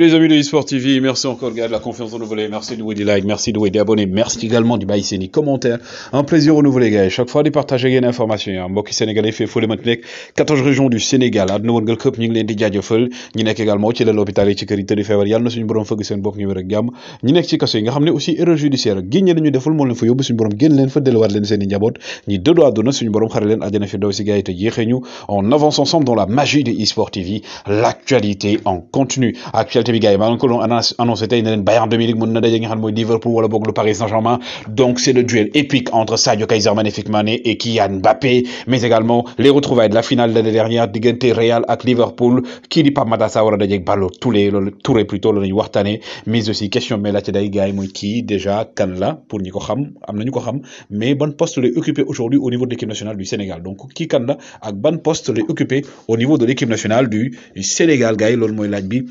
les amis de eSport TV, merci encore les gars de la confiance renouvelée, merci de louer des likes, merci de louer des abonnés, merci également du baïsé, des commentaires. Un plaisir renouvelé, gars. Chaque fois, de partager une information. Hein. Mbokki Sénégalais fait foule maintenant 14 régions du Sénégal. nouveau, wëngal këpp ñu ngi leen di jaajëfal ñi nekk également ci lal hôpital et ci de février, nous sommes yàlla na suñu borom fëgg seen bopp ñu wér ak ñi nekk ci kaso yi nga xam aussi erreur judiciaire génne nañu deful moo leen fa yóbbu suñu borom génn leen fa delluwaat leen seen i njaboot ñi dëddu sommes suñu borom xare leen àjjana fi daw si gars et te On avance ensemble dans la magie de eSport TV, l'actualité en continu. Actualité actualité bi gay man ko doon annoncé tay ne Bayern de Munich mën na dajé nga xam moy Liverpool wala boog le Paris Saint-Germain donc c'est le duel épique entre Sadio Kaiser Magnifique Mané et Kylian Mbappé mais également les retrouvailles de la finale de l'année dernière digenté Real ak Liverpool qui di pas madassa Sarr dajé a daje ak Ballo Touré loolu Touré plutôt loolu waxtané ñu mais aussi question mais la day gay moy qui déjà kan la pour ñi ko xam am ñu ko xam mais ban poste lay occupé aujourd'hui au niveau de l'équipe nationale du Sénégal donc qui kan la ak ban poste lay occupé au niveau de l'équipe nationale du Sénégal gay yi moy laaj bi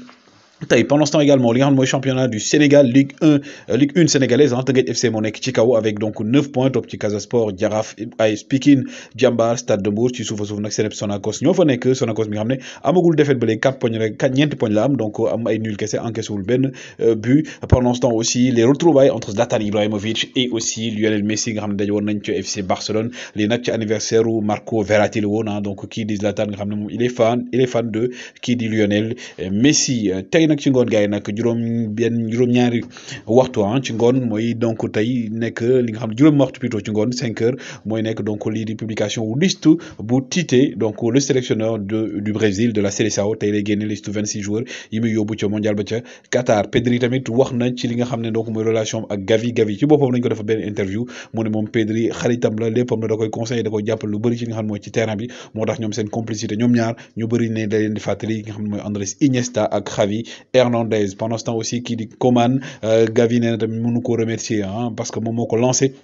pendant ce temps également le grand championnat du Sénégal Ligue 1 euh, Ligue 1 sénégalaise ah FC moo avec donc 9 points topp ci Casa Sport Jaraaf AS Speaking, Diambar Stade de Bourse ci Souf, suuf nag Seneb Sonakos ñoo fa nekk Sonacos nga xam amagul défaite ba 4 points rek 4 points donc euh, am ay nul kese en wul euh, but pendant ce temps aussi les retrouvailles entre Zlatan Ibrahimovic et aussi Lionel Messi nga xam ne FC Barcelone les nag ci anniversaire Marco Verratti la hein, donc qui dit Zlatan nga il est fan il est fan de qui dit Lionel Messi tey nag ci ngone gay nak juroom ben juroom ñaari waxtu han ah, ci ngone moy donc tay nek li nga xam juroom waxtu plutôt ci ngone 5h moy nek donc li di publication wu liste bu tité donc le sélectionneur de du Brésil de la Seleção tay lay génne liste vingt six joueurs yi muy yóbbu ca mondial ba ci Qatar Pedri tamit wax na ci li nga xam ne donc mooy relation ak Gavi Gavi ci boppam lañ ko defa ben interview mo ne mom Pedri xaritam la leppam la da koy conseiller da koy japp lu bari ci nga xam moy ci terrain bi motax ñom sen complicité ñom ñaar ñu bari né da leen di fatali nga xam moy mooy Andrés Iniesta ak Xavi Hernandez pendant ce temps aussi qui dit Coman euh, Gavin hein, et parce que mon mot lancé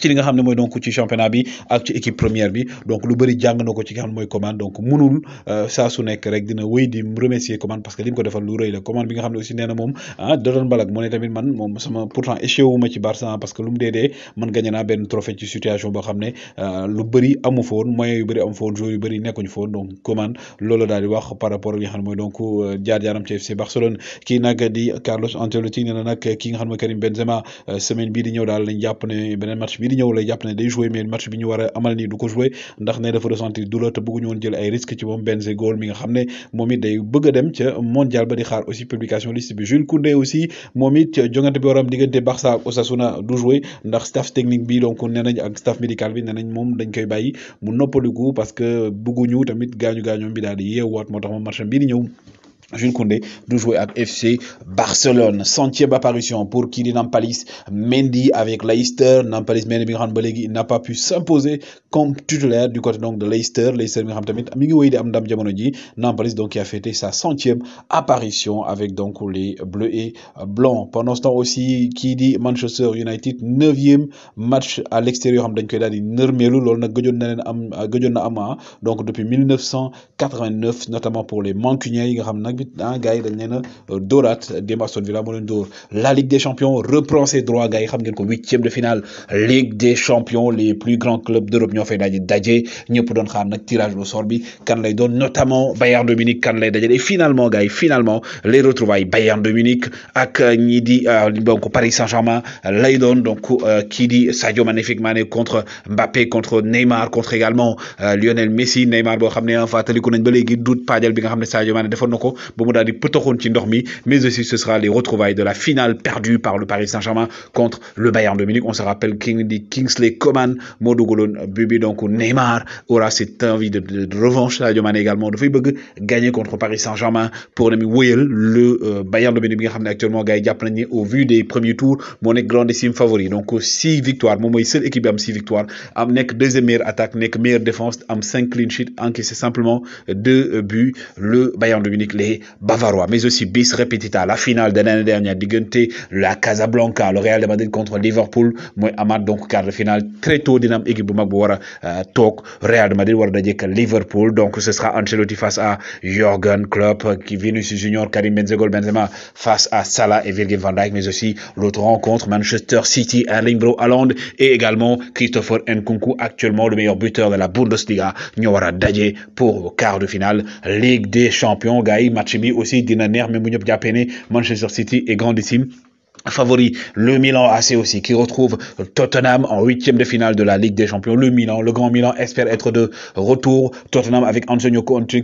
ci li nga xam ne mooy donc ci championnat bi ak ci équipe première bi donc lu bëri jàng na ci nga xam ne mooy Coman donc munul euh, saa su rek dina wéy di remercier Coman parce que lu rëy ah, man moom benn trophée ci situation boo xam ne euh, lu bëri amu fa woon yu bëri amu fa woon yu bëri nekkuñu fa woon donc Coman daal wax par rapport ak li xam ne mooy euh, jaar-jaaram ci FC Barcelone kii nag di Carlos Ancelotti nee na nag ki nga xam ne mooy bii di ñëw lay jàpp ne day joué mais match bi ñu war a amal nii du ko joué ndax ne dafa ressentir douleur te bëgguñu woon jël ay risque ci moom Benzegol mi nga xam ne moom it day bëgg dem ca mondial ba di xaar aussi publication liste bi Jules Koundé aussi moom it jongante bi waram diggante Barça ak Osasuna du joué ndax staff technique bi donc ne nañ ak staff médical bi ne nañ moom dañ koy bàyyi mu noppaliku parce que bëgguñu tamit gaañu gaañoom bi daal di yeewuwaat moo tax moom match bi di ñëw Jules Koundé de jouer avec FC Barcelone centième apparition pour Kidi Nampalis Mendy avec Leicester Nampalis Mendy bi n'a pas pu s'imposer comme titulaire du côté donc de Leicester Leicester bi nga xam tamit mi ngi Nampalis donc qui a fêté sa centième apparition avec donc les bleus et blancs pendant ce temps aussi Kidi Manchester United neuvième match à l'extérieur xam dañ koy ama donc depuis 1989 notamment pour les Mancuniens nga tamit ah hein, gars dañ leena a euh, dóoraat Villa mo leen dor la Ligue des Champions reprend ses droits gars xam ngeen ko huitième de finale Ligue des Champions les plus grands clubs d'Europe ñoo fay dajé daje ñëpp doon xaar nak tirage au sort bi kan lay doon notamment Bayern de Munich kan lay dajé et finalement gars finalement les retrouvailles Bayern de Munich ak euh, ñi di euh, donc Paris Saint-Germain lay doon donc qui di Sadio magnifique Mané contre Mbappé contre Neymar contre également Lionel Messi Neymar xamné xam ne hein, ko nañ ba légui doute paajal bi nga xamné Sadio Mané defoon nako ba di pëtaxoon ci ndox mais aussi ce sera les retrouvailles de la finale perdue par le Paris Saint-Germain contre le Bayern de Munich on se rappelle que Kingsley Coman Modou dugaloon but donc Neymar aura cette envie de revanche Sadio a également de bëgg gagner contre Paris Saint-Germain pour Nemi le euh, Bayern de Munich actuellement Gaïa yi au vu des premiers tours équipe est grandissime favori donc 6 victoires moom mooy seule équipe am six victoires am nek deuxième meilleure attaque nek meilleure défense am cinq clean sheet c'est simplement deux buts le Bayern de Munich les bavarois. Mais aussi bis repetita la finale de l'année dernière digunte la Casablanca le Real de Madrid contre Liverpool moi, Amad, donc quart de finale très tôt équipe bu euh, Real de Madrid war que Liverpool donc ce sera Ancelotti face à Jorgen Klopp qui Vinicius Junior Karim Benzegol, Benzema face à Salah et Virgil van Dijk mais aussi l'autre rencontre Manchester City Erling Bro, Haaland et également Christopher Nkunku actuellement le meilleur buteur de la Bundesliga N'Y Dadje, pour quart de finale Ligue des Champions Gaï, Chibi aussi dina neex mais Manchester City est grandissime favori. Le Milan AC aussi qui retrouve Tottenham en huitième de finale de la Ligue des Champions. Le Milan, le grand Milan espère être de retour. Tottenham avec Antonio Conte,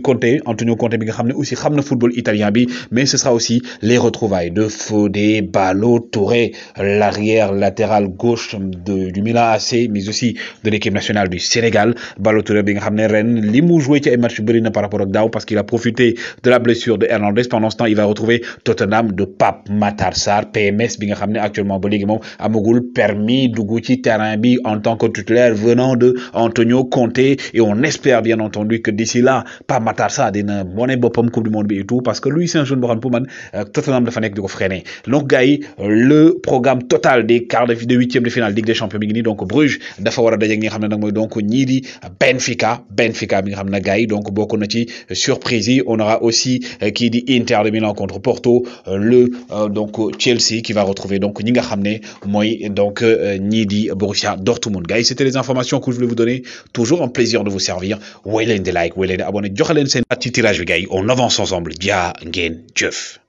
Antonio Conte bi aussi Ramne football italien mais ce sera aussi les retrouvailles de Fodé, Ballo, Touré, l'arrière latéral gauche de, du Milan AC mais aussi de l'équipe nationale du Sénégal. Ballo Touré bi ren match par rapport à parce qu'il a profité de la blessure de Hernandez. Pendant ce temps, il va retrouver Tottenham de Pape Matarsar, PMS qui bi actuellement ba légui permis Dougouti ci terrain en tant que titulaire venant de Antonio Conte et on espère bien entendu que d'ici là pas Matar ça dina wane bopam coupe du monde bi et tout parce que lui c'est un jeune boo tout pour man euh, Tottenham donc Gaï le programme total des quarts de de finale de finale Ligue des Champions bi donc Bruges donc Nidi, Benfica Benfica bi nga donc beaucoup na ci surprise on aura aussi qui euh, dit Inter de Milan contre Porto euh, le donc Chelsea qui va retrouver donc ñi nga moi donc nidi euh, Borussia Dortmund gars c'était les informations que je voulais vous donner toujours un plaisir de vous servir Wailen de like Wailen leen abonné joxe leen seen tirage on avance ensemble Dja ngen, jëf